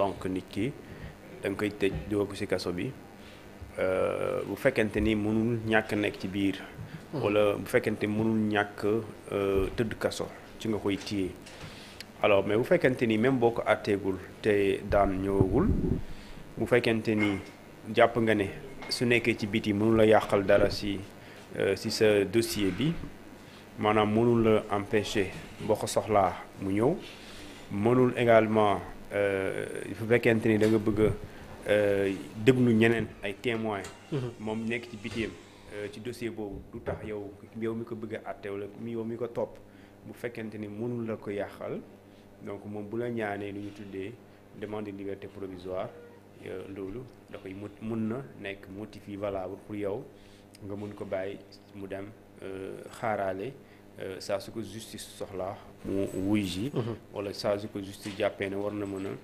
donc nit ki da nga koy tëj dugal ko ci kaso bi euh, bu fekkente ni mënul ñàkk nekk ci biir. wala bu fekkente ni mënul ñàkk euh, tëdd kaso ci nga koy téye alors mais bu fekkente ni même boo ko àtteegul te daan ñëwagul bu fekkente ni jàpp nga ne su nekkee ci biti mënul la yàqal dara ci si euh, sa dossier bi. maanaam mënula la empêcher boo ko soxlaa mu ñëw mënul également fu euh, fekkente ni da nga bëgg a euh, déglu ñeneen ay témoins. Mhm. moom nekk ci bitim euh, ci dossier boobu du tax yow yow mi ko bëgg a àtte wala yow mi ko topp bu fekkente ni mënul la ko yàqal donc moom bu la ñaanee lu ñu tuddee demande de liberté provisoire loolu da koy mën na nekk motif yi valable pour yow nga mun ko bàyyi mu dem xaaraale saa su ko justice soxlaa. mu wuy ji mhm. wala saa su ko jàppee ne war na mën a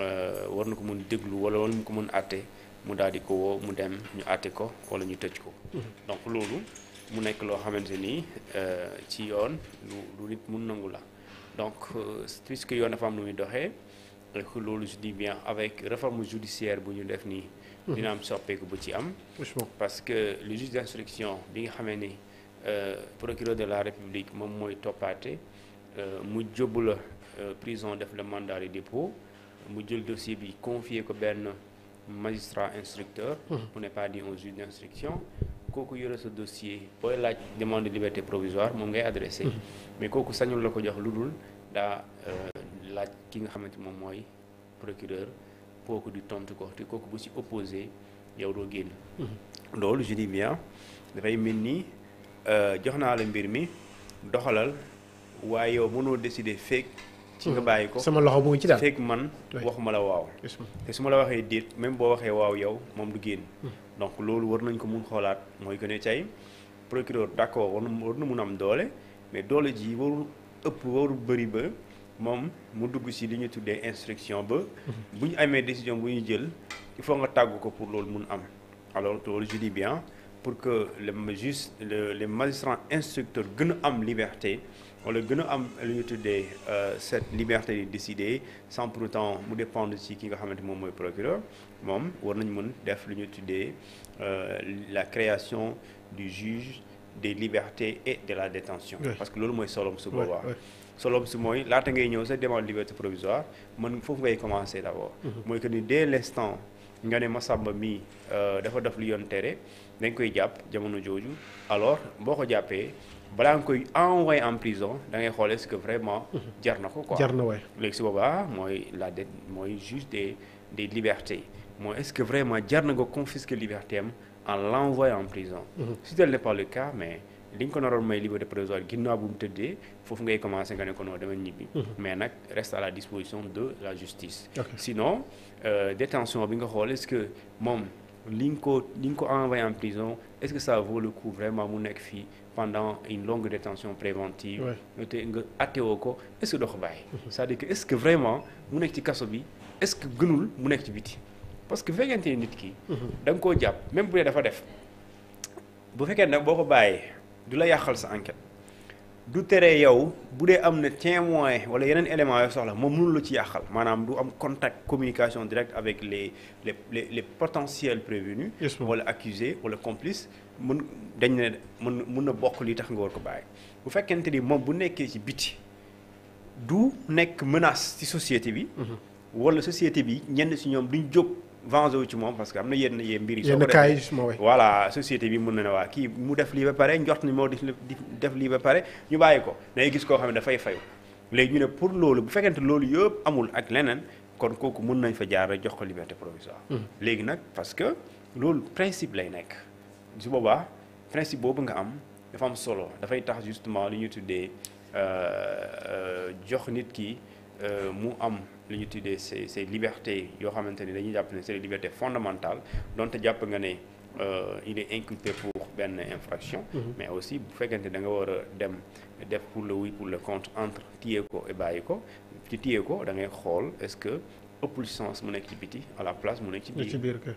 euh, war na ko mën déglu wala wala mu ko mën àtte mu daal di ko woo mu dem ñu àtte ko wala ñu tëj ko mhm. donc loolu mu nekk loo xamante ni euh, ci yoon lu lu nit mun nangu la donc euh, puisque yoon dafa am lu muy doxee loolu je dis bien avec réforme judiciaire bu ñu def nii mhm. dina am soppeeku bu ci am parce que le juge d'instruction bi nga xamee ni procureur de la république moom mooy toppaate Euh, mu jóbbu la euh, prison def la mandat de dépôt mu jël dossier bi confier ko benn magistrat instructeur hmm. pour ne pas dire un juge d'instruction kooku yore sa dossier booy laaj demande de liberté provisoire moom ngay adressé hmm. mais kooku sañul la ko jox lu dul daa euh, laaj ki nga xamante moom mooy procureur kooku di tontu ko te kooku bu si opposé yow doo génn hmm. loolu je bien dafay mel ni jox naa la mbir mi doxalal waaye yow mënoo décider fekk. ci nga hmm. bàyyi ko sama loxo mu ci daal fekk man waxuma la waaw. te su ma la waxee déet même boo waxee waaw yow moom du génn. Hmm. donc loolu war nañ ko mun xoolaat mooy que ne tey procureur d' accord war na mun am doole mais doole ji warul ëpp warul bëri ba moom mu dugg si li ñu tuddee instruction ba. Hmm. bu ñu amee décision bu ñu jël il faut nga tàggu ko pour loolu mun am alors loolu je dis bien. pour que les juges les magistrats instructeurs gën a am liberté wala gën a am lu ñu tuddee euh, cette liberté de décider sans pour autant mu dépendre ci ki nga xamante moom mooy procureur moom war nañ mën def lu ñu tuddee euh, la création du juge des libertés et de la détention parce que loolu mooy solom su boobaa solom si mooy laata ngay ñëw sa demande liberté provisoire mën foofu ngay commencer d'abord mm-hmm. mooy que ni dès l'instant nga ne Masamba mii euh, dafa def lu yoon tere dañ koy jàpp jamono jooju alors boo ko jàppee balaa nga koy envoyé en prison da ngay xool est-ce que vraiment. Mhm. jar na ko quoi jar na waay léegi si mooy la dette mooy juge des des libertés mooy est-ce que vraiment jar na nga confisquer liberté am en l'envoyant en prison. Mhm. si tel n'est pas le cas mais. li ñu ko naroon may liberté provisoire ginnaaw bu mu tëddee foofu ngay commencé nga ne ko non dama ñibbi. Mhm. mais nag reste à la disposition de la justice. sinon euh, détention bi nga xool est-ce que moom li ñu ko li ko envoyé en prison est-ce que ça vaut le coup vraiment mu nekk fii pendant une longue détention préventive. te nga attéwoo ko est-ce que doo ko bàyyi. Mhm. c'est-à-dire que est-ce que vraiment mu nekk ci kaso bi est-ce que gënul mu nekk ci biti. parce que bu fekkente ki. Mhm. da koo jàpp même bu dee dafa def bu fekkee boo ko bàyyee. du la yàqal sa enquête du teree yow bu dee am na témoin wala yeneen éléments yoo soxla moom mënul la ci yàqal maanaam du am contact communication directe avec les les les les potentiels prévenus wala accusés wala complices mun dañ ne mën mun na bokk li tax nga war ko bàyyi bu fekkente ni moom bu nekkee ci biti du nekk menace ci société bi mm-hmm. wala société bi ñenn si ñoom duñ jóg vengé wu ci moom parce que am na yenn yee mbir yi. soo ko defee voilà société bi na ne waa kii def lii ba pare njort ni moo def lii ba pare ñu bàyyi ko day gis koo xam ne dafay fayu léegi ñu ne pour loolu bu fekkente loolu yëpp amul ak leneen kon kooku mun nañ fa jaar jox ko liberté provisoire. Hmm. léegi nag parce que loolu principe lay nekk su boobaa principe boobu nga am dafa am solo dafay tax justement lu ñu tuddee euh, euh, jox nit ki euh, mu am. li ñu tuddee ces ces libertés yoo xamante ni dañuy jàpp ne c'est des libertés fondamentales donte jàpp nga ne euh, il est inculpé pour benn infraction mm-hmm. mais aussi bu fekkente da nga war a dem def pour le oui pour le contre entre tiye ko et bàyyi ko ci téye ko da ngay xool est-ce que ëpp licence mu nekk ci biti à la place mu nekk ci biir. ci biir koy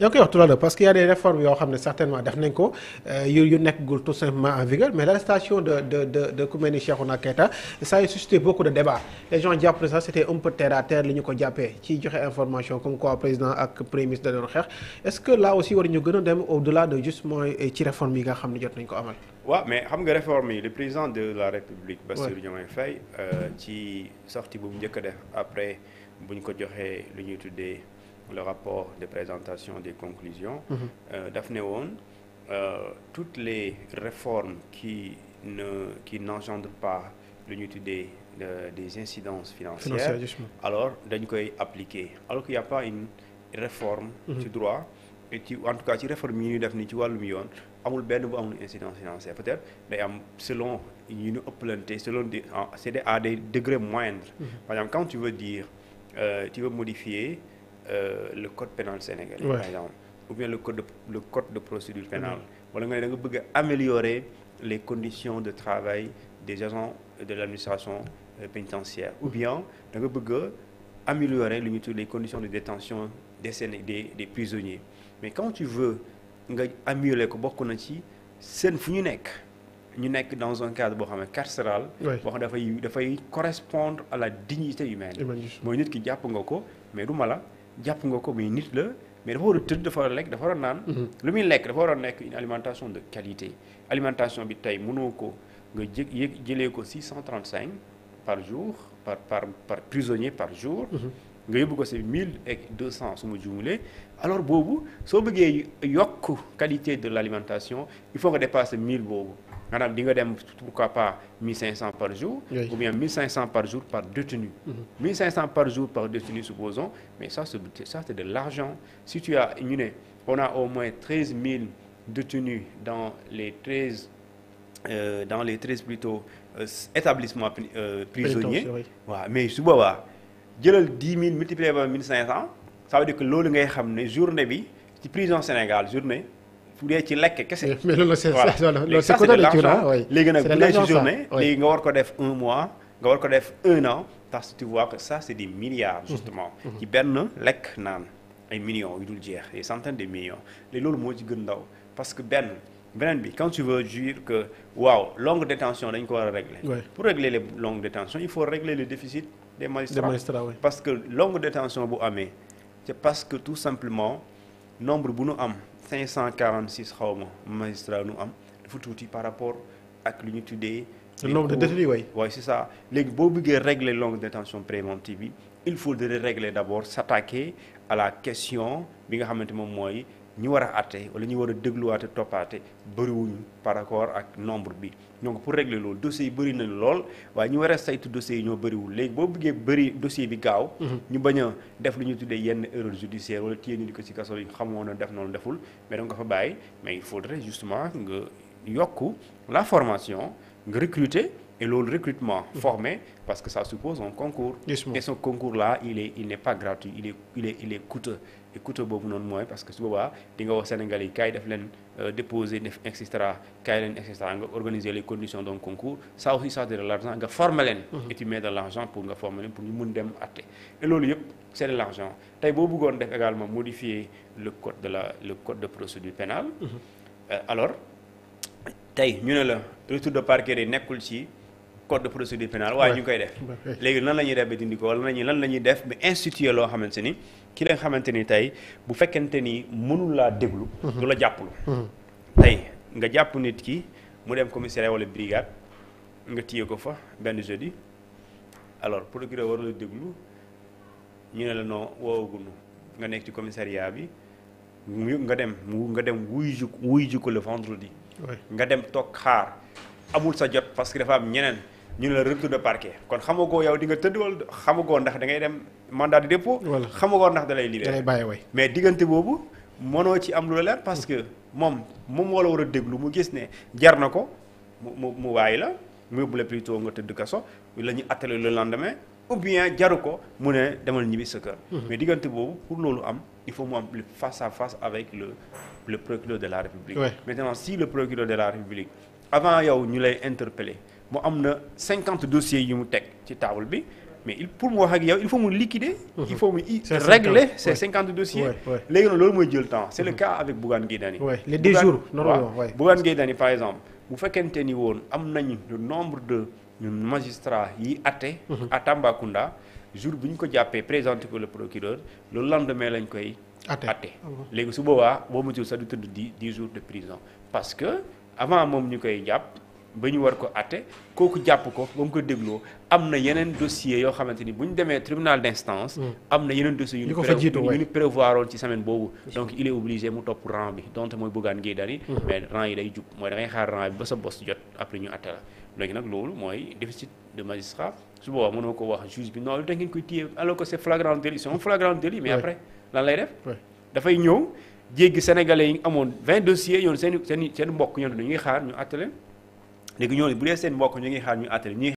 wax tout à parce que y' a des yoo xam ne certainement def nañ ko euh, yu yu nekkagul tout simplement en vigueur mais l'arrestation de de de de ku mel ni Cheikhouna Keita ça a suscité beaucoup de débats les gens jàpp ne sax c' était un peu terre à ko jàppee ci joxe information comme quoi président ak premier ministre doon xeex est ce que là aussi war ñu gën a dem au delà de justement euh, ci réforme yi nga xam bu ñu ko joxee lu ñuy tuddee le rapport de présentation des conclusions mm-hmm. euh, daf ne woon euh, toutes les réformes qui ne qui n'engendrent pas lu ñuy tuddee euh, des incidences financières alors dañ koy appliquer alors qu'il n'y a pas une réforme mm-hmm. ci droit en tout cas ci réforme yi ñuy def ni ci wàllum yoon amul benn bu amul incidence financière peut-être day am selon ñu ñu ëppalante selon des c'est à des degrés moindres mm-hmm. par exemple quand tu veux dire euh, tu veux modifier euh, le code pénal sénégalais. Ouais. par exemple ou bien le code de, le code de procédure pénale. wala nga ne da nga bëgg a améliorer les conditions de travail des agents de l'administration euh, pénitentiaire ou bien da nga bëgg a améliorer lu ñu tudd les conditions de détention des Séné des des prisonniers mais quand tu veux nga améliorer ko bokk na ci seen fu ñu nekk. ñu nekk dans un cadre boo xam ne carcéral. boo xam dafay dafay correspondre à la dignité humaine. mooy nit ki jàpp nga ko mais du mala jàpp nga ko mais nit la mais dafa war a tëdd dafa war a lekk dafa war a naan. Mhm. lu muy lekk dafa war a nekk une alimentation de qualité alimentation bi tey munoo ko nga jë yë jëlee ko 635 par jour par par par prisonnier par jour. Mhm. nga yóbbu ko si mille et deux cent su ma juumulee alors boobu soo bëggee yokk qualité de l' alimentation il faut nga dépasser mille boobu. maanaam di nga dem pourquoi pas 1500 par jour. Oui. ou bien 1500 par jour par détenu. Mm -hmm. par jour par détenu on mais ça c' de l' argent si tu as ñu ne on a au moins 13000 détenus dans les 13 euh, dans les 13 plutôt euh, établissements euh, prisonniers. waaw mais su boobaa jëlal 10 000 multiplié par 1500 ça veut dire que loolu ngay xam ne journée bi ci prison Sénégal journée. bu dee ci lekk kese. mais loolu c'est war ko def un mois war ko def un an parce que mhm. Mhm. benn lekk naan ay millions yu jeex ay centaines de millions léegi moo ci gën ndaw parce que benn beneen bi quand tu veux dire que waaw longue détention dañ ko war a régler pour régler les longues détentions il faut régler le déficit des magistrats, parce que longue détention bu amee c'est parce que tout simplement nombre bu nu am 546 xaw ma magistrat nu am dafa tuuti par rapport ak lu ñu tuddee. le nombre de détenus waay. waaye c'est ça léegi boo bëggee régler longue détention préventive bi il faudrait régler d'abord s'attaquer à la question bi nga xamante moom mooy. ñi war a àtte wala ñu war a dégluwaate toppaate bëriwuñu par rapport ak nombre bi donc pour régler loolu dossiers yi bëri nañ lool waaye ñu war a saytu dossiers yi ñoo bëriwul léegi boo buggee bëri dossier bi gaaw mhm. ñu bañ a def lu ñu tuddee yenn erreur judiciaire wala téye nit ko ci kaso yi xamoon na def noonu deful mais danga nga fa bàyyi mais il faudrait justement nga yokk la formation nga recruter et loolu recrutement formé parce que ça suppose un concours et ce concours là il est il n'est pas gratuit il est il est il est coûteux boobu noonu mooy parce que su boobaa di nga wax Sénégalais yi kaay def leen euh, déposer def et cetera kaay leen et nga organiser les condition d'un concours ça aussi ça l'argent nga former leen mm-hmm. et tu mets de l'argent pour nga former leen pour ñu mun dem atte et loolu yëpp c'est de l'argent tey boo bëggoon def également modifier le code de la le code de procédure pénale mm-hmm. euh, alors ñu ne la retour de parquet nekkul ci code de procédure pénale waaye ñu ngi koy def léegi lan la ñuy def ba dindi ko wala lañuy la ñuy def ba instituer loo xamante ni ki la nga xamante ni tey bu fekkente ni mënul laa déglu mhm. du la jàppalu mhm. tey nga jàpp nit ki mu dem commissariat wala brigade nga téye ko fa benn jeudi alors procureur war la déglu ñu ne la non woowagunu nga nekk ci commissariat bi nga dem nga dem wuy ju wuy ju ko le vendredi nga dem toog xaar amul sa jot parce que dafa am ñeneen ñu ne la retour de parquet kon koo yow di nga tëdd wala xamagoo ndax da ngay dem mandat de dépôt. wala xamagoo ndax da lay libéré da lay bàyyi waay mais diggante boobu mënoo ci am lu la leer parce que moom moom moo la war a déglu mu gis ne jar na ko mu mu waay la mu yóbbu la plutôt nga tëdd kaso la ñu attelé le lendemain ou bien jaru ko mu ne demal ñibbi sa kër. Mhm. mais diggante boobu pour loolu am il faut mu am le face à face avec le le procureur de la république. Ouais. si le procureur de la république avant yow ñu lay interpeller. mu am na cinquante dossiers yu mu teg ci table bi mais il pour mu wax ak yow il faut mu liquider. Mhm. il faut mu régler ces cinquante dossiers. léegi nag loolu mooy jël temps c' est le mhm. cas avec Bougane Gueye Dany. oui les deux jours par exemple bu fekkente ni woon am nañu le nombre de magistrats yi atte a mhm. Tambacounda jour bu ñu ko jàppee présenté ko le procureur le lendemain lañ koy. atte léegi su boobaa boo jël sax du tëdd di dix jours de prison parce que avant moom ñu koy jàpp. ba ñu war ko àtte kooku jàpp ko ba mu ko dégloo am na yeneen dossier yoo xamante ni bu ñu demee tribunal d'instance. Hmm. am na yeneen dossier yu ñu. yu ñu prévoir woon ci semaine boobu. donc il est obligé mu topp rang bi donte mooy Bougane Gueye Dany. Hmm. mais rang yi day jub mooy da xaar rang bi ba sa bos jot après ñu àtte la léegi loolu mooy déficit de magistrat su boobaa mënoo ko wax juge bi non lu tax ngeen koy téye alors que c'est flagrant délit c'est un flagrant délit mais après lan lay def. dafay ñëw jéggi sénégalais yi amoon 20 dossiers xaar ñu àtte léegi ñooñu bu dee seen mbokk ñu ngi xaar ñu àttali